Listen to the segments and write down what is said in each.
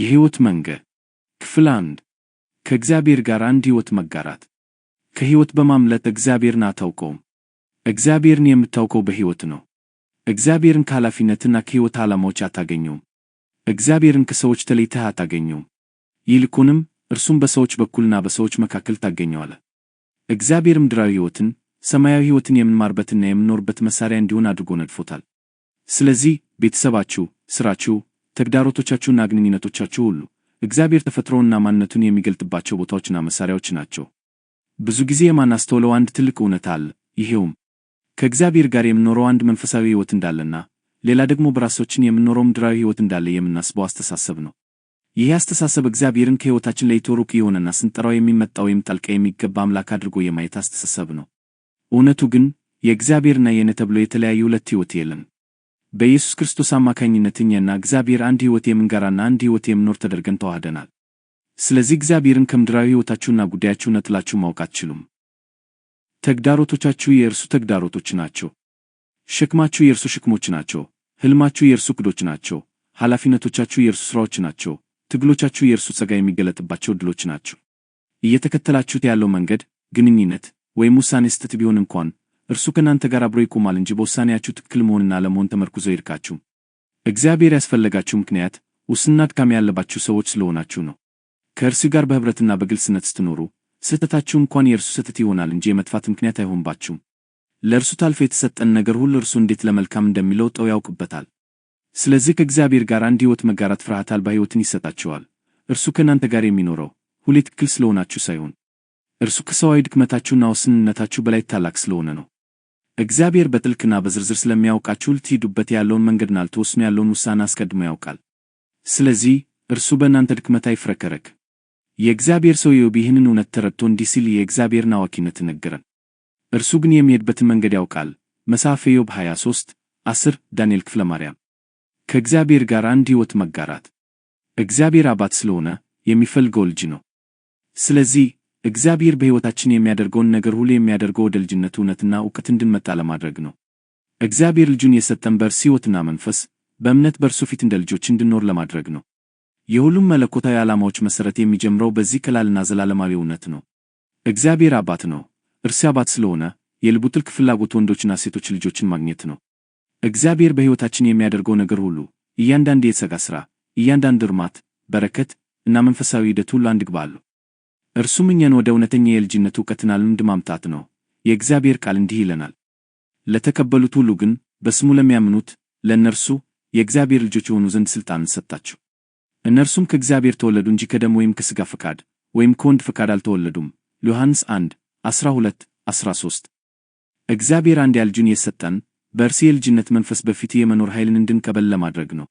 የህይወት መንገድ ክፍል አንድ ከእግዚአብሔር ጋር አንድ ህይወት መጋራት። ከህይወት በማምለጥ እግዚአብሔርን አታውቀውም። እግዚአብሔርን የምታውቀው በህይወት ነው። እግዚአብሔርን ከኃላፊነትና ከህይወት ዓላማዎች አታገኘውም። እግዚአብሔርን ከሰዎች ተለይተህ አታገኘውም። ይልቁንም እርሱም በሰዎች በኩልና በሰዎች መካከል ታገኘዋለ እግዚአብሔር ምድራዊ ህይወትን ሰማያዊ ህይወትን የምንማርበትና የምንኖርበት መሳሪያ እንዲሆን አድርጎ ነድፎታል። ስለዚህ ቤተሰባችሁ፣ ስራችሁ ተግዳሮቶቻችሁና ግንኙነቶቻችሁ ሁሉ እግዚአብሔር ተፈጥሮና ማንነቱን የሚገልጥባቸው ቦታዎችና መሳሪያዎች ናቸው። ብዙ ጊዜ የማናስተውለው አንድ ትልቅ እውነት አለ። ይሄውም ከእግዚአብሔር ጋር የምኖረው አንድ መንፈሳዊ ሕይወት እንዳለና ሌላ ደግሞ በራሳችን የምኖረው ምድራዊ ሕይወት እንዳለ የምናስበው አስተሳሰብ ነው። ይህ አስተሳሰብ እግዚአብሔርን ከሕይወታችን ለይቶ ሩቅ የሆነና ስንጠራው የሚመጣ ወይም ጣልቃ የሚገባ አምላክ አድርጎ የማየት አስተሳሰብ ነው። እውነቱ ግን የእግዚአብሔርና የእኔ ተብሎ የተለያዩ ሁለት ሕይወት የለም። በኢየሱስ ክርስቶስ አማካኝነት እኛና እግዚአብሔር አንድ ሕይወት የምንጋራና አንድ ሕይወት የምኖር ተደርገን ተዋህደናል። ስለዚህ እግዚአብሔርን ከምድራዊ ሕይወታችሁና ጉዳያችሁ ነጥላችሁ ማወቅ አትችሉም። ተግዳሮቶቻችሁ የእርሱ ተግዳሮቶች ናቸው። ሸክማችሁ የእርሱ ሸክሞች ናቸው። ሕልማችሁ የእርሱ ዕቅዶች ናቸው። ኃላፊነቶቻችሁ የእርሱ ሥራዎች ናቸው። ትግሎቻችሁ የእርሱ ጸጋ የሚገለጥባቸው ድሎች ናቸው። እየተከተላችሁት ያለው መንገድ ግንኙነት ወይም ውሳኔ ስህተት ቢሆን እንኳን እርሱ ከእናንተ ጋር አብሮ ይቆማል እንጂ በውሳኔያችሁ ትክክል መሆንና ለመሆን ተመርኩዞ ይርካችሁ። እግዚአብሔር ያስፈለጋችሁ ምክንያት ውስና ድካም ያለባችሁ ሰዎች ስለሆናችሁ ነው። ከእርሱ ጋር በኅብረትና በግልጽነት ስትኖሩ ስህተታችሁ እንኳን የእርሱ ስህተት ይሆናል እንጂ የመጥፋት ምክንያት አይሆንባችሁም። ለእርሱ ታልፎ የተሰጠን ነገር ሁሉ እርሱ እንዴት ለመልካም እንደሚለውጠው ያውቅበታል። ስለዚህ ከእግዚአብሔር ጋር አንድ ሕይወት መጋራት ፍርሃት አልባ ሕይወትን ይሰጣችኋል። እርሱ ከእናንተ ጋር የሚኖረው ሁሌ ትክክል ስለሆናችሁ ሳይሆን እርሱ ከሰዋዊ ድክመታችሁና ውስንነታችሁ በላይ ታላቅ ስለሆነ ነው። እግዚአብሔር በጥልቅና በዝርዝር ስለሚያውቃችሁ ልትሄዱበት ያለውን መንገድና ልትወስኑ ያለውን ውሳኔ አስቀድሞ ያውቃል። ስለዚህ እርሱ በእናንተ ድክመት አይፍረከረክ። የእግዚአብሔር ሰው ኢዮብ ይህንን እውነት ተረድቶ እንዲህ ሲል የእግዚአብሔርን አዋኪነት ነገረን። እርሱ ግን የሚሄድበትን መንገድ ያውቃል። መጽሐፈ ኢዮብ 23 10 ዳንኤል ክፍለ ማርያም ከእግዚአብሔር ጋር አንድ ሕይወት መጋራት እግዚአብሔር አባት ስለሆነ የሚፈልገው ልጅ ነው። ስለዚህ እግዚአብሔር በሕይወታችን የሚያደርገውን ነገር ሁሉ የሚያደርገው ወደ ልጅነቱ እውነትና እውቀት እንድንመጣ ለማድረግ ነው። እግዚአብሔር ልጁን የሰጠን በእርሱ ሕይወትና መንፈስ በእምነት በእርሱ ፊት እንደ ልጆች እንድንኖር ለማድረግ ነው። የሁሉም መለኮታዊ ዓላማዎች መሠረት የሚጀምረው በዚህ ከላልና ዘላለማዊ እውነት ነው። እግዚአብሔር አባት ነው። እርሱ አባት ስለሆነ የልቡ ጥልቅ ፍላጎት ወንዶችና ሴቶች ልጆችን ማግኘት ነው። እግዚአብሔር በሕይወታችን የሚያደርገው ነገር ሁሉ፣ እያንዳንድ የሰጋ ሥራ፣ እያንዳንድ እርማት፣ በረከት እና መንፈሳዊ ሂደት ሁሉ አንድ ግብ አለው። እርሱም እኛን ወደ እውነተኛ የልጅነት ዕውቀትና ልምድ ማምጣት ነው። የእግዚአብሔር ቃል እንዲህ ይለናል፣ ለተከበሉት ሁሉ ግን በስሙ ለሚያምኑት ለእነርሱ የእግዚአብሔር ልጆች የሆኑ ዘንድ ሥልጣንን ሰጣቸው። እነርሱም ከእግዚአብሔር ተወለዱ እንጂ ከደም ወይም ከሥጋ ፈቃድ ወይም ከወንድ ፈቃድ አልተወለዱም። ዮሐንስ 1 12 13 እግዚአብሔር አንድያ ልጁን የሰጠን በእርሱ የልጅነት መንፈስ በፊት የመኖር ኃይልን እንድንቀበል ለማድረግ ነው።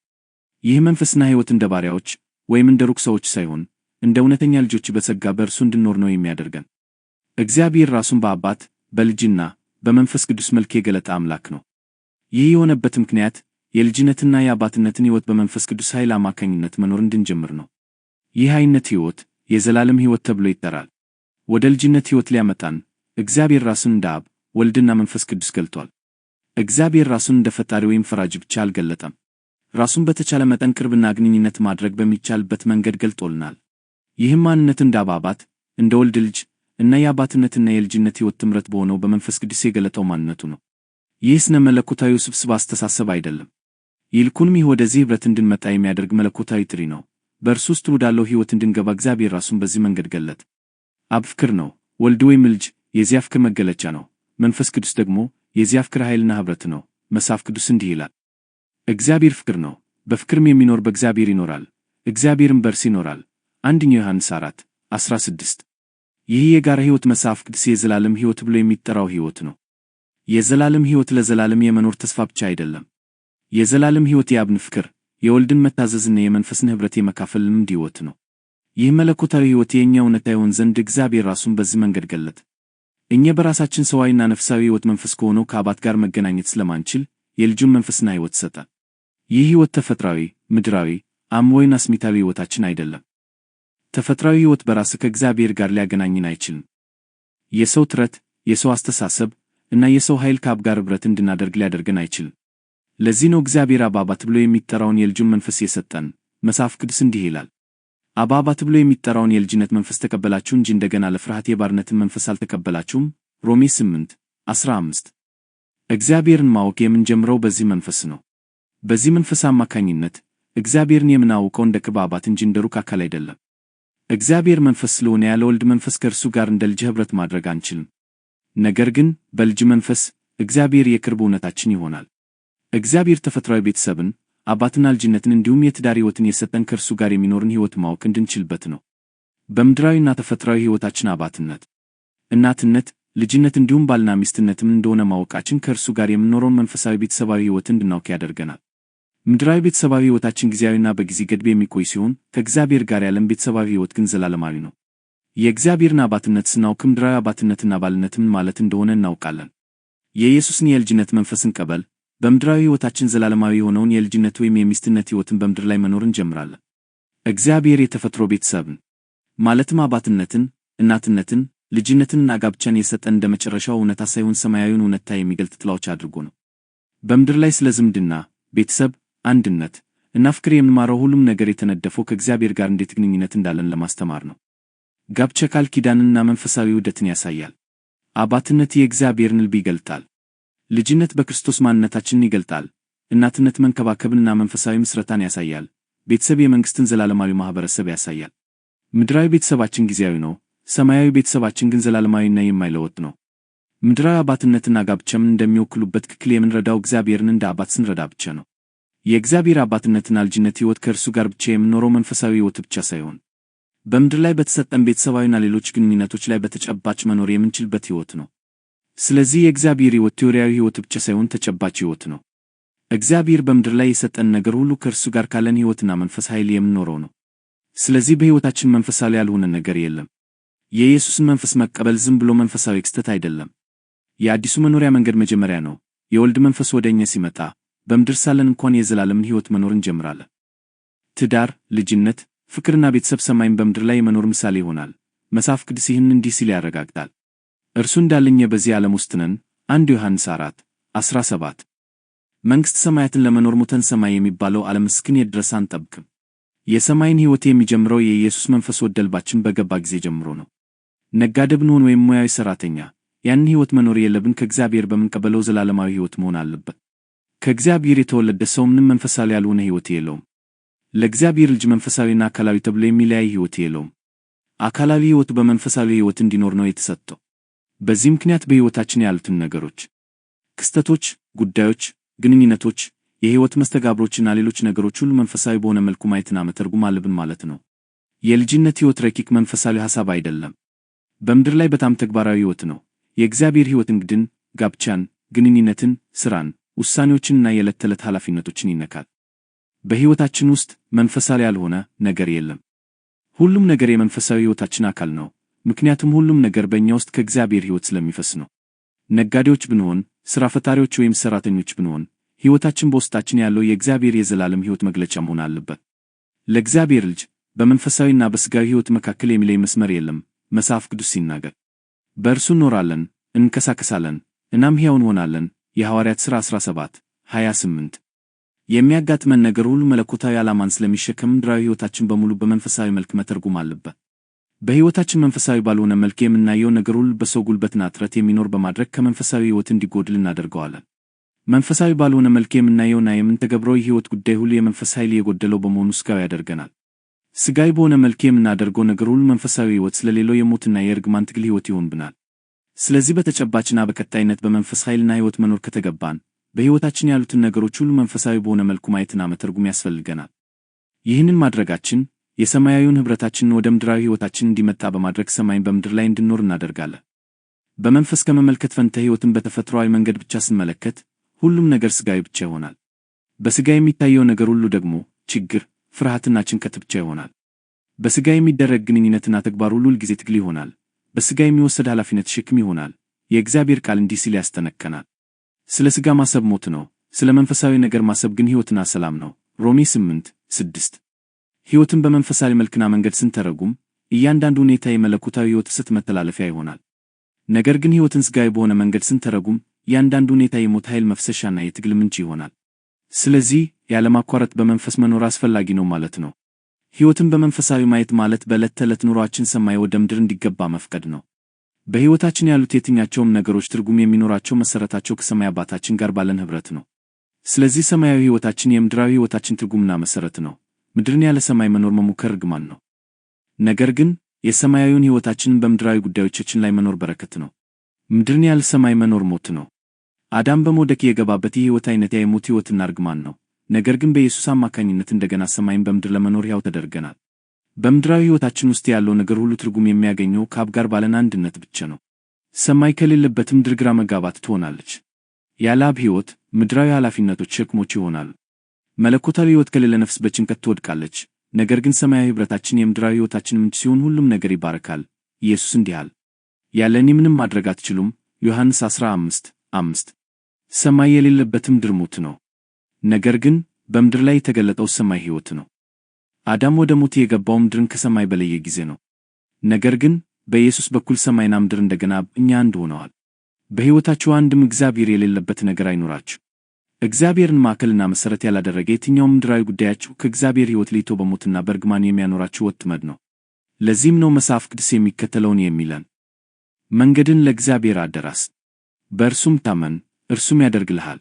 ይህ መንፈስና ሕይወት እንደ ባሪያዎች ወይም እንደ ሩቅ ሰዎች ሳይሆን እንደ እውነተኛ ልጆች በጸጋ በእርሱ እንድንኖር ነው የሚያደርገን። እግዚአብሔር ራሱን በአባት በልጅና በመንፈስ ቅዱስ መልክ የገለጠ አምላክ ነው። ይህ የሆነበት ምክንያት የልጅነትና የአባትነትን ሕይወት በመንፈስ ቅዱስ ኃይል አማካኝነት መኖር እንድንጀምር ነው። ይህ አይነት ሕይወት የዘላለም ሕይወት ተብሎ ይጠራል። ወደ ልጅነት ሕይወት ሊያመጣን እግዚአብሔር ራሱን እንደ አብ ወልድና መንፈስ ቅዱስ ገልጧል። እግዚአብሔር ራሱን እንደ ፈጣሪ ወይም ፈራጅ ብቻ አልገለጠም። ራሱን በተቻለ መጠን ቅርብና ግንኙነት ማድረግ በሚቻልበት መንገድ ገልጦልናል። ይህም ማንነት እንደ አባባት እንደ ወልድ ልጅ እና የአባትነትና የልጅነት ሕይወት ትምረት በሆነው በመንፈስ ቅዱስ የገለጠው ማንነቱ ነው። ይህ ስነ መለኮታዊ ስብስብ አስተሳሰብ አይደለም። ይልኩንም ይህ ወደዚህ ኅብረት እንድንመጣ የሚያደርግ መለኮታዊ ጥሪ ነው። በእርሱ ውስጥ ወዳለው ሕይወት እንድንገባ እግዚአብሔር ራሱን በዚህ መንገድ ገለጠ። አብ ነው። ወልድ ወይም ልጅ የዚያ ፍቅር መገለጫ ነው። መንፈስ ቅዱስ ደግሞ የዚያ ፍክር ኃይልና ኅብረት ነው። መጽሐፍ ቅዱስ እንዲህ ይላል፣ እግዚአብሔር ፍቅር ነው፣ በፍቅርም የሚኖር በእግዚአብሔር ይኖራል፣ እግዚአብሔርም በርስ ይኖራል አንደኛው ዮሐንስ 4 16 ይህ የጋራ ሕይወት መጽሐፍ ቅዱስ የዘላለም ሕይወት ብሎ የሚጠራው ሕይወት ነው። የዘላለም ሕይወት ለዘላለም የመኖር ተስፋ ብቻ አይደለም። የዘላለም ሕይወት የአብን ፍቅር፣ የወልድን መታዘዝና የመንፈስን ኅብረት የመካፈል ልምድ ሕይወት ነው። ይህ መለኮታዊ ሕይወት የእኛ እውነታ ይሆን ዘንድ እግዚአብሔር ራሱን በዚህ መንገድ ገለጠ። እኛ በራሳችን ሰዋዊና ነፍሳዊ ሕይወት መንፈስ ከሆነው ከአባት ጋር መገናኘት ስለማንችል የልጁን መንፈስና ሕይወት ሰጠ። ይህ ሕይወት ተፈጥሯዊ፣ ምድራዊ፣ አእምሯዊና ስሜታዊ ሕይወታችን አይደለም። ተፈጥሯዊ ሕይወት በራስ ከእግዚአብሔር ጋር ሊያገናኝን አይችልም። የሰው ጥረት፣ የሰው አስተሳሰብ እና የሰው ኃይል ከአብ ጋር ኅብረት እንድናደርግ ሊያደርገን አይችልም። ለዚህ ነው እግዚአብሔር አብ ብሎ የሚጠራውን የልጁን መንፈስ የሰጠን። መጽሐፍ ቅዱስ እንዲህ ይላል፣ አብ ብሎ የሚጠራውን የልጅነት መንፈስ ተቀበላችሁ እንጂ እንደገና ለፍርሃት የባርነትን መንፈስ አልተቀበላችሁም። ሮሜ 8 15 እግዚአብሔርን ማወቅ የምንጀምረው በዚህ መንፈስ ነው። በዚህ መንፈስ አማካኝነት እግዚአብሔርን የምናውቀው እንደ ክብ አባት እንጂ እንደ ሩቅ አካል አይደለም። እግዚአብሔር መንፈስ ስለሆነ ያለ ወልድ መንፈስ ከእርሱ ጋር እንደ ልጅ ኅብረት ማድረግ አንችልም። ነገር ግን በልጅ መንፈስ እግዚአብሔር የቅርብ እውነታችን ይሆናል። እግዚአብሔር ተፈጥሯዊ ቤተሰብን፣ አባትና ልጅነትን እንዲሁም የትዳር ሕይወትን የሰጠን ከእርሱ ጋር የሚኖርን ሕይወት ማወቅ እንድንችልበት ነው። በምድራዊና ተፈጥሯዊ ሕይወታችን አባትነት፣ እናትነት፣ ልጅነት እንዲሁም ባልና ሚስትነትም እንደሆነ ማወቃችን ከእርሱ ጋር የምኖረውን መንፈሳዊ ቤተሰባዊ ሕይወት እንድናውቅ ያደርገናል። ምድራዊ ቤተሰባዊ ሕይወታችን ጊዜያዊና በጊዜ ገድብ የሚቆይ ሲሆን ከእግዚአብሔር ጋር ያለን ቤተሰባዊ ሕይወት ግን ዘላለማዊ ነው። የእግዚአብሔርን አባትነት ስናውቅ ምድራዊ አባትነትና ባልነትም ማለት እንደሆነ እናውቃለን። የኢየሱስን የልጅነት መንፈስን ቀበል በምድራዊ ሕይወታችን ዘላለማዊ የሆነውን የልጅነት ወይም የሚስትነት ሕይወትን በምድር ላይ መኖር እንጀምራለን። እግዚአብሔር የተፈጥሮ ቤተሰብን ማለትም አባትነትን፣ እናትነትን፣ ልጅነትንና ጋብቻን የሰጠን እንደ መጨረሻው እውነታ ሳይሆን ሰማያዊውን እውነታ የሚገልጥ ጥላዎች አድርጎ ነው። በምድር ላይ ስለ ዝምድና ቤተሰብ አንድነት እና ፍቅር የምንማረው ሁሉም ነገር የተነደፈው ከእግዚአብሔር ጋር እንዴት ግንኙነት እንዳለን ለማስተማር ነው። ጋብቻ ቃል ኪዳንና መንፈሳዊ ውህደትን ያሳያል። አባትነት የእግዚአብሔርን ልብ ይገልጣል። ልጅነት በክርስቶስ ማንነታችንን ይገልጣል። እናትነት መንከባከብንና መንፈሳዊ ምስረታን ያሳያል። ቤተሰብ የመንግሥትን ዘላለማዊ ማኅበረሰብ ያሳያል። ምድራዊ ቤተሰባችን ጊዜያዊ ነው። ሰማያዊ ቤተሰባችን ግን ዘላለማዊና የማይለወጥ ነው። ምድራዊ አባትነትና ጋብቻ ምን እንደሚወክሉበት ክክል የምንረዳው እግዚአብሔርን እንደ አባት ስንረዳ ብቻ ነው። የእግዚአብሔር አባትነትና ልጅነት ሕይወት ከእርሱ ጋር ብቻ የምኖረው መንፈሳዊ ሕይወት ብቻ ሳይሆን በምድር ላይ በተሰጠን ቤተሰባዊና ሌሎች ግንኙነቶች ላይ በተጨባጭ መኖር የምንችልበት ሕይወት ነው። ስለዚህ የእግዚአብሔር ሕይወት ቴዎሪያዊ ሕይወት ብቻ ሳይሆን ተጨባጭ ሕይወት ነው። እግዚአብሔር በምድር ላይ የሰጠን ነገር ሁሉ ከእርሱ ጋር ካለን ሕይወትና መንፈስ ኃይል የምኖረው ነው። ስለዚህ በሕይወታችን መንፈሳዊ ያልሆነ ነገር የለም። የኢየሱስን መንፈስ መቀበል ዝም ብሎ መንፈሳዊ ክስተት አይደለም፣ የአዲሱ መኖሪያ መንገድ መጀመሪያ ነው። የወልድ መንፈስ ወደ እኛ ሲመጣ በምድር ሳለን እንኳን የዘላለምን ሕይወት መኖር እንጀምራለን። ትዳር፣ ልጅነት፣ ፍቅርና ቤተሰብ ሰማይን በምድር ላይ የመኖር ምሳሌ ይሆናል። መጽሐፍ ቅዱስ ይህን እንዲህ ሲል ያረጋግጣል። እርሱ እንዳለኝ በዚህ ዓለም ውስጥ ነን። አንድ ዮሐንስ 4 17 መንግሥት ሰማያትን ለመኖር ሞተን ሰማይ የሚባለው ዓለም እስክንሄድ ድረስ አንጠብቅም። የሰማይን ሕይወት የሚጀምረው የኢየሱስ መንፈስ ወደ ልባችን በገባ ጊዜ ጀምሮ ነው። ነጋዴ ብንሆን ወይም ሙያዊ ሠራተኛ ያንን ሕይወት መኖር የለብን ከእግዚአብሔር በምንቀበለው ዘላለማዊ ሕይወት መሆን አለበት። ከእግዚአብሔር የተወለደ ሰው ምንም መንፈሳዊ ያልሆነ ሕይወት የለውም። ለእግዚአብሔር ልጅ መንፈሳዊና አካላዊ ተብሎ የሚለያይ ሕይወት የለውም። አካላዊ ሕይወቱ በመንፈሳዊ ሕይወት እንዲኖር ነው የተሰጠው። በዚህ ምክንያት በሕይወታችን ያሉትን ነገሮች፣ ክስተቶች፣ ጉዳዮች፣ ግንኙነቶች፣ የሕይወት መስተጋብሮችና ሌሎች ነገሮች ሁሉ መንፈሳዊ በሆነ መልኩ ማየትና መተርጉም አለብን ማለት ነው። የልጅነት ሕይወት ረቂቅ መንፈሳዊ ሐሳብ አይደለም። በምድር ላይ በጣም ተግባራዊ ሕይወት ነው። የእግዚአብሔር ሕይወት እንግድን፣ ጋብቻን፣ ግንኙነትን፣ ሥራን ውሳኔዎችንና የዕለት ተዕለት ኃላፊነቶችን ይነካል። በሕይወታችን ውስጥ መንፈሳዊ ያልሆነ ነገር የለም። ሁሉም ነገር የመንፈሳዊ ሕይወታችን አካል ነው፣ ምክንያቱም ሁሉም ነገር በእኛ ውስጥ ከእግዚአብሔር ሕይወት ስለሚፈስ ነው። ነጋዴዎች ብንሆን፣ ሥራ ፈታሪዎች ወይም ሠራተኞች ብንሆን፣ ሕይወታችን በውስጣችን ያለው የእግዚአብሔር የዘላለም ሕይወት መግለጫ መሆን አለበት። ለእግዚአብሔር ልጅ በመንፈሳዊና በሥጋዊ ሕይወት መካከል የሚለይ መስመር የለም። መጽሐፍ ቅዱስ ሲናገር በእርሱ እንኖራለን፣ እንንቀሳቀሳለን፣ እናም ሕያው እንሆናለን የሐዋርያት ሥራ 17 28 የሚያጋጥመን ነገር ሁሉ መለኮታዊ ዓላማን ስለሚሸከም ምድራዊ ሕይወታችን በሙሉ በመንፈሳዊ መልክ መተርጉም አለበት። በሕይወታችን መንፈሳዊ ባልሆነ መልክ የምናየው ነገር ሁሉ በሰው ጉልበትና ጥረት የሚኖር በማድረግ ከመንፈሳዊ ሕይወት እንዲጎድል እናደርገዋለን። መንፈሳዊ ባልሆነ መልክ የምናየውና የምንተገብረው የሕይወት ጉዳይ ሁሉ የመንፈስ ኃይል የጎደለው በመሆኑ ሥጋዊ ያደርገናል። ሥጋዊ በሆነ መልክ የምናደርገው ነገር ሁሉ መንፈሳዊ ሕይወት ስለሌለው የሞትና የእርግማን ትግል ሕይወት ይሆንብናል። ስለዚህ በተጨባጭና በቀጣይነት በመንፈስ ኃይልና ሕይወት መኖር ከተገባን በሕይወታችን ያሉትን ነገሮች ሁሉ መንፈሳዊ በሆነ መልኩ ማየትና መተርጉም ያስፈልገናል። ይህንን ማድረጋችን የሰማያዊውን ኅብረታችንን ወደ ምድራዊ ሕይወታችን እንዲመጣ በማድረግ ሰማይን በምድር ላይ እንድኖር እናደርጋለን። በመንፈስ ከመመልከት ፈንተ ሕይወትን በተፈጥሯዊ መንገድ ብቻ ስንመለከት ሁሉም ነገር ሥጋዊ ብቻ ይሆናል። በሥጋ የሚታየው ነገር ሁሉ ደግሞ ችግር፣ ፍርሃትና ጭንቀት ብቻ ይሆናል። በሥጋ የሚደረግ ግንኙነትና ተግባር ሁሉ ሁልጊዜ ትግል ይሆናል። በሥጋ የሚወሰድ ኃላፊነት ሸክም ይሆናል። የእግዚአብሔር ቃል እንዲህ ሲል ያስተነከናል። ስለ ሥጋ ማሰብ ሞት ነው፣ ስለ መንፈሳዊ ነገር ማሰብ ግን ሕይወትና ሰላም ነው። ሮሜ 8 6 ሕይወትን በመንፈሳዊ መልክና መንገድ ስንተረጉም እያንዳንዱ ሁኔታ የመለኮታዊ ሕይወት ስት መተላለፊያ ይሆናል። ነገር ግን ሕይወትን ሥጋዊ በሆነ መንገድ ስንተረጉም እያንዳንዱ ሁኔታ የሞት ኃይል መፍሰሻና የትግል ምንጭ ይሆናል። ስለዚህ ያለማቋረጥ በመንፈስ መኖር አስፈላጊ ነው ማለት ነው። ሕይወትን በመንፈሳዊ ማየት ማለት በዕለት ተዕለት ኑሯችን ሰማይ ወደ ምድር እንዲገባ መፍቀድ ነው። በሕይወታችን ያሉት የትኛቸውም ነገሮች ትርጉም የሚኖራቸው መሠረታቸው ከሰማይ አባታችን ጋር ባለን ኅብረት ነው። ስለዚህ ሰማያዊ ሕይወታችን የምድራዊ ሕይወታችን ትርጉምና መሠረት ነው። ምድርን ያለ ሰማይ መኖር መሞከር ርግማን ነው። ነገር ግን የሰማያዊውን ሕይወታችንን በምድራዊ ጉዳዮቻችን ላይ መኖር በረከት ነው። ምድርን ያለ ሰማይ መኖር ሞት ነው። አዳም በመውደቅ የገባበት የሕይወት ዓይነት የሞት ሕይወትና እርግማን ነው። ነገር ግን በኢየሱስ አማካኝነት እንደገና ሰማይን በምድር ለመኖር ያው ተደርገናል። በምድራዊ ሕይወታችን ውስጥ ያለው ነገር ሁሉ ትርጉም የሚያገኘው ከአብ ጋር ባለን አንድነት ብቻ ነው። ሰማይ ከሌለበት ምድር ግራ መጋባት ትሆናለች። ያለ አብ ሕይወት ምድራዊ ኃላፊነቶች ሸክሞች ይሆናሉ። መለኮታዊ ሕይወት ከሌለ ነፍስ በጭንቀት ትወድቃለች። ነገር ግን ሰማያዊ ኅብረታችን የምድራዊ ሕይወታችን ምንጭ ሲሆን ሁሉም ነገር ይባረካል። ኢየሱስ እንዲህ አለ፣ ያለ እኔ ምንም ማድረግ አትችሉም። ዮሐንስ 15 5 ሰማይ የሌለበት ምድር ሙት ነው። ነገር ግን በምድር ላይ የተገለጠው ሰማይ ሕይወት ነው። አዳም ወደ ሞት የገባው ምድርን ከሰማይ በለየ ጊዜ ነው። ነገር ግን በኢየሱስ በኩል ሰማይና ምድር እንደገና እኛ አንድ ሆነዋል። በሕይወታችሁ አንድም እግዚአብሔር የሌለበት ነገር አይኖራችሁ። እግዚአብሔርን ማዕከልና መሠረት ያላደረገ የትኛውም ምድራዊ ጉዳያችሁ ከእግዚአብሔር ሕይወት ለይቶ በሞትና በርግማን የሚያኖራችሁ ወጥመድ ነው። ለዚህም ነው መጽሐፍ ቅዱስ የሚከተለውን የሚለን መንገድን ለእግዚአብሔር አደራስ፣ በእርሱም ታመን፣ እርሱም ያደርግልሃል።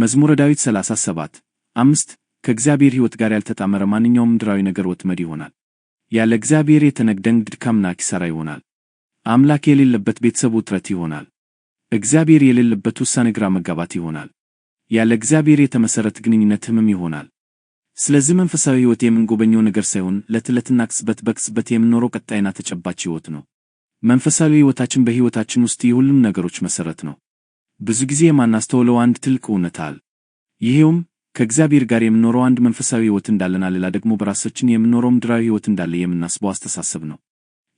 መዝሙረ ዳዊት 37 አምስት ከእግዚአብሔር ሕይወት ጋር ያልተጣመረ ማንኛውም ምድራዊ ነገር ወጥመድ ይሆናል። ያለ እግዚአብሔር የተነግደን ድካምና ኪሳራ ይሆናል። አምላክ የሌለበት ቤተሰብ ውጥረት ይሆናል። እግዚአብሔር የሌለበት ውሳኔ ግራ መጋባት ይሆናል። ያለ እግዚአብሔር የተመሠረት ግንኙነት ህምም ይሆናል። ስለዚህ መንፈሳዊ ሕይወት የምንጎበኘው ነገር ሳይሆን ለትለትና ቅጽበት በቅጽበት የምንኖረው ቀጣይና ተጨባጭ ሕይወት ነው። መንፈሳዊ ሕይወታችን በሕይወታችን ውስጥ የሁሉም ነገሮች መሠረት ነው። ብዙ ጊዜ የማናስተውለው አንድ ትልቅ እውነት አለ። ይሄውም ከእግዚአብሔር ጋር የምኖረው አንድ መንፈሳዊ ሕይወት እንዳለና ሌላ ደግሞ በራሳችን የምኖረው ምድራዊ ሕይወት እንዳለ የምናስበው አስተሳሰብ ነው።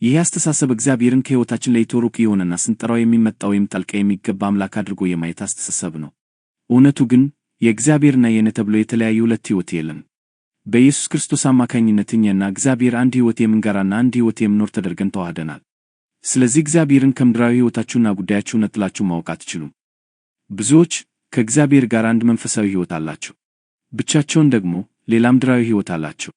ይህ አስተሳሰብ እግዚአብሔርን ከሕይወታችን ለይቶ ሩቅ የሆነና ስንጠራው የሚመጣ ወይም ጣልቃ የሚገባ አምላክ አድርጎ የማየት አስተሳሰብ ነው። እውነቱ ግን የእግዚአብሔርና የእኔ ተብሎ የተለያየ ሁለት ሕይወት የለም። በኢየሱስ ክርስቶስ አማካኝነት እኛና እግዚአብሔር አንድ ሕይወት የምንጋራና አንድ ሕይወት የምኖር ተደርገን ተዋህደናል። ስለዚህ እግዚአብሔርን ከምድራዊ ሕይወታችሁና ጉዳያችሁ ነጥላችሁ ማወቅ አትችሉም። ብዙዎች ከእግዚአብሔር ጋር አንድ መንፈሳዊ ሕይወት አላቸው፣ ብቻቸውን ደግሞ ሌላ ምድራዊ ሕይወት አላቸው።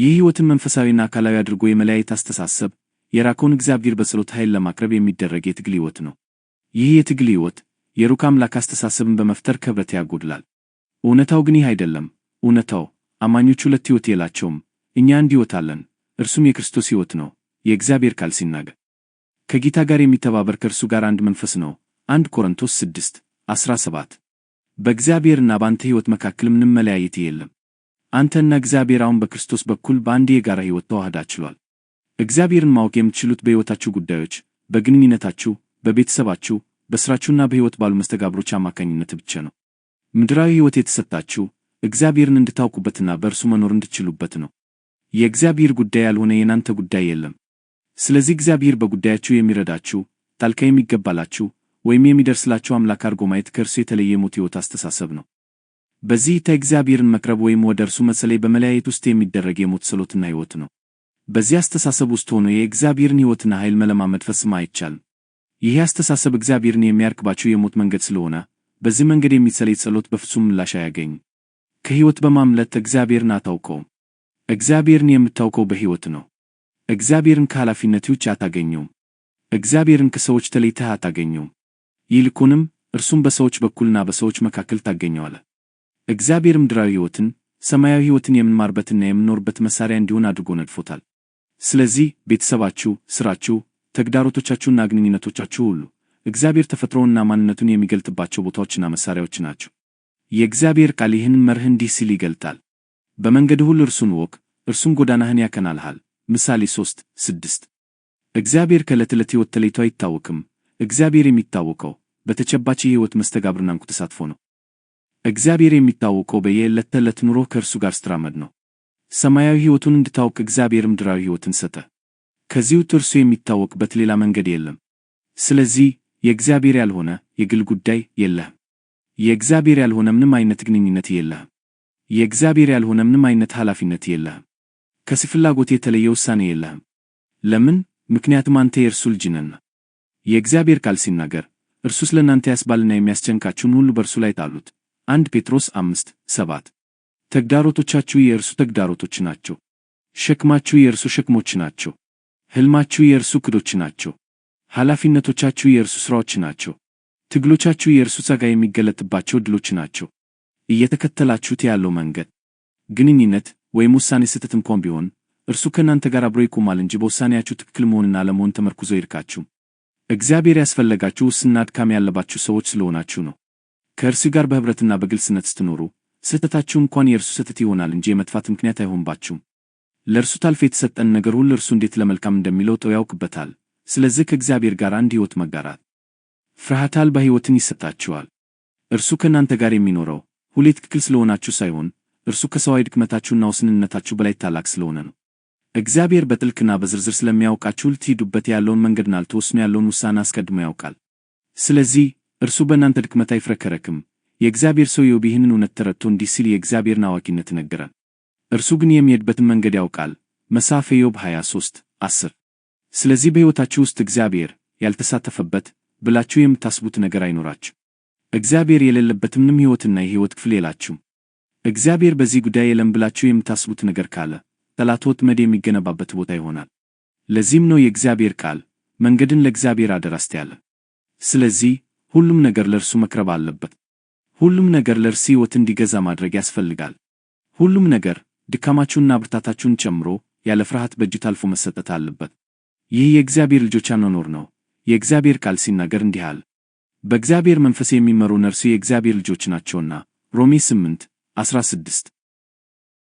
ይህ ሕይወትን መንፈሳዊና አካላዊ አድርጎ የመለያየት አስተሳሰብ የራቀውን እግዚአብሔር በጸሎት ኃይል ለማቅረብ የሚደረግ የትግል ሕይወት ነው። ይህ የትግል ሕይወት የሩቅ አምላክ አስተሳሰብን በመፍጠር ክብረት ያጎድላል። እውነታው ግን ይህ አይደለም። እውነታው አማኞች ሁለት ሕይወት የላቸውም። እኛ አንድ ሕይወት አለን፣ እርሱም የክርስቶስ ሕይወት ነው። የእግዚአብሔር ቃል ሲናገር ከጌታ ጋር የሚተባበር ከእርሱ ጋር አንድ መንፈስ ነው። አንድ ቆሮንቶስ ስድስት 17 በእግዚአብሔርና በአንተ ሕይወት መካከል ምንም መለያየት የለም። አንተና እግዚአብሔር አሁን በክርስቶስ በኩል በአንድ የጋራ ሕይወት ተዋህዳችኋል። እግዚአብሔርን ማወቅ የምትችሉት በሕይወታችሁ ጉዳዮች፣ በግንኙነታችሁ፣ በቤተሰባችሁ፣ በሥራችሁና በሕይወት ባሉ መስተጋብሮች አማካኝነት ብቻ ነው። ምድራዊ ሕይወት የተሰጣችሁ እግዚአብሔርን እንድታውቁበትና በእርሱ መኖር እንድትችሉበት ነው። የእግዚአብሔር ጉዳይ ያልሆነ የእናንተ ጉዳይ የለም። ስለዚህ እግዚአብሔር በጉዳያችሁ የሚረዳችሁ፣ ጣልቃ የሚገባላችሁ ወይም የሚደርስላቸው አምላክ አድርጎ ማየት ከእርሱ የተለየ የሞት ሕይወት አስተሳሰብ ነው። በዚህ ተእግዚአብሔርን መቅረብ ወይም ወደ እርሱ መጸለይ በመለያየት ውስጥ የሚደረግ የሞት ጸሎትና ሕይወት ነው። በዚህ አስተሳሰብ ውስጥ ሆኖ የእግዚአብሔርን ሕይወትና ኃይል መለማመድ ፈጽሞ አይቻልም። ይህ አስተሳሰብ እግዚአብሔርን የሚያርክባቸው የሞት መንገድ ስለሆነ በዚህ መንገድ የሚጸለይ ጸሎት በፍጹም ምላሽ አያገኝም። ከሕይወት በማምለት እግዚአብሔርን አታውቀውም። እግዚአብሔርን የምታውቀው በሕይወት ነው። እግዚአብሔርን ከኃላፊነት ውጭ አታገኘውም። እግዚአብሔርን ከሰዎች ተለይተህ አታገኘውም። ይልቁንም እርሱም በሰዎች በኩልና በሰዎች መካከል ታገኘዋለ። እግዚአብሔር ምድራዊ ሕይወትን ሰማያዊ ሕይወትን የምንማርበትና የምንኖርበት መሳሪያ እንዲሆን አድርጎ ነድፎታል። ስለዚህ ቤተሰባችሁ፣ ሥራችሁ፣ ተግዳሮቶቻችሁና ግንኙነቶቻችሁ ሁሉ እግዚአብሔር ተፈጥሮውንና ማንነቱን የሚገልጥባቸው ቦታዎችና መሳሪያዎች ናቸው። የእግዚአብሔር ቃል ይህን መርህ እንዲህ ሲል ይገልጣል። በመንገድ ሁሉ እርሱን ወቅ፣ እርሱም ጎዳናህን ያከናልሃል። ምሳሌ 3 ስድስት እግዚአብሔር ከዕለት ዕለት ሕይወት ተለይቶ አይታወቅም፣ እግዚአብሔር የሚታወቀው በተጨባጭ ህይወት መስተጋብርና ንቁ ተሳትፎ ነው። እግዚአብሔር የሚታወቀው በየዕለት ተዕለት ኑሮ ከእርሱ ጋር ስትራመድ ነው። ሰማያዊ ህይወቱን እንድታውቅ እግዚአብሔር ምድራዊ ህይወትን ሰጠ። ከዚሁ እርሱ የሚታወቅበት ሌላ መንገድ የለም። ስለዚህ የእግዚአብሔር ያልሆነ የግል ጉዳይ የለህም። የእግዚአብሔር ያልሆነ ምንም አይነት ግንኙነት የለህም። የእግዚአብሔር ያልሆነ ምንም አይነት ኃላፊነት የለህም። ከስፍላጎት የተለየ ውሳኔ የለህም። ለምን? ምክንያቱም አንተ የእርሱ ልጅ ነህና። የእግዚአብሔር ቃል ሲናገር እርሱ ስለ እናንተ ያስባልና የሚያስጨንቃችሁን ሁሉ በእርሱ ላይ ጣሉት። አንድ ጴጥሮስ አምስት ሰባት ተግዳሮቶቻችሁ የእርሱ ተግዳሮቶች ናቸው። ሸክማችሁ የእርሱ ሸክሞች ናቸው። ሕልማችሁ የእርሱ ዕቅዶች ናቸው። ኃላፊነቶቻችሁ የእርሱ ሥራዎች ናቸው። ትግሎቻችሁ የእርሱ ጸጋ የሚገለጥባቸው ድሎች ናቸው። እየተከተላችሁት ያለው መንገድ፣ ግንኙነት ወይም ውሳኔ ስህተት እንኳን ቢሆን እርሱ ከእናንተ ጋር አብሮ ይቆማል እንጂ በውሳኔያችሁ ትክክል መሆንና ለመሆን ተመርኩዞ አይርቃችሁም። እግዚአብሔር ያስፈለጋችሁ ውስና ድካም ያለባችሁ ሰዎች ስለሆናችሁ ነው። ከእርሱ ጋር በኅብረትና በግልጽነት ስትኖሩ ስህተታችሁ እንኳን የእርሱ ስህተት ይሆናል እንጂ የመጥፋት ምክንያት አይሆንባችሁም። ለእርሱ ታልፎ የተሰጠን ነገር ሁሉ እርሱ እንዴት ለመልካም እንደሚለውጠው ያውቅበታል። ስለዚህ ከእግዚአብሔር ጋር አንድ ሕይወት መጋራት ፍርሃት አልባ ሕይወትን ይሰጣችኋል። እርሱ ከእናንተ ጋር የሚኖረው ሁሌ ትክክል ስለሆናችሁ ሳይሆን እርሱ ከሰዋዊ ድክመታችሁና ውስንነታችሁ በላይ ታላቅ ስለሆነ ነው። እግዚአብሔር በጥልቅና በዝርዝር ስለሚያውቃችሁ ልትሄዱበት ያለውን መንገድና ልትወስኑ ያለውን ውሳኔ አስቀድሞ ያውቃል። ስለዚህ እርሱ በእናንተ ድክመት አይፍረከረክም። የእግዚአብሔር ሰው ኢዮብ ይህንን እውነት ተረድቶ እንዲህ ሲል የእግዚአብሔርን አዋቂነት ነገረን። እርሱ ግን የሚሄድበትን መንገድ ያውቃል። መጽሐፈ ኢዮብ 23 10 ስለዚህ በሕይወታችሁ ውስጥ እግዚአብሔር ያልተሳተፈበት ብላችሁ የምታስቡት ነገር አይኖራችሁ። እግዚአብሔር የሌለበት ምንም ሕይወትና የሕይወት ክፍል የላችሁም። እግዚአብሔር በዚህ ጉዳይ የለም ብላችሁ የምታስቡት ነገር ካለ ጠላት ወጥመድ የሚገነባበት ቦታ ይሆናል። ለዚህም ነው የእግዚአብሔር ቃል መንገድን ለእግዚአብሔር አደራ ያለ። ስለዚህ ሁሉም ነገር ለእርሱ መቅረብ አለበት። ሁሉም ነገር ለእርሱ ሕይወት እንዲገዛ ማድረግ ያስፈልጋል። ሁሉም ነገር ድካማችሁንና ብርታታችሁን ጨምሮ ያለ ፍርሃት በእጅት አልፎ መሰጠት አለበት። ይህ የእግዚአብሔር ልጆች አኗኗር ነው። የእግዚአብሔር ቃል ሲናገር እንዲህ አለ፣ በእግዚአብሔር መንፈስ የሚመሩ እነርሱ የእግዚአብሔር ልጆች ናቸውና ሮሜ 8 16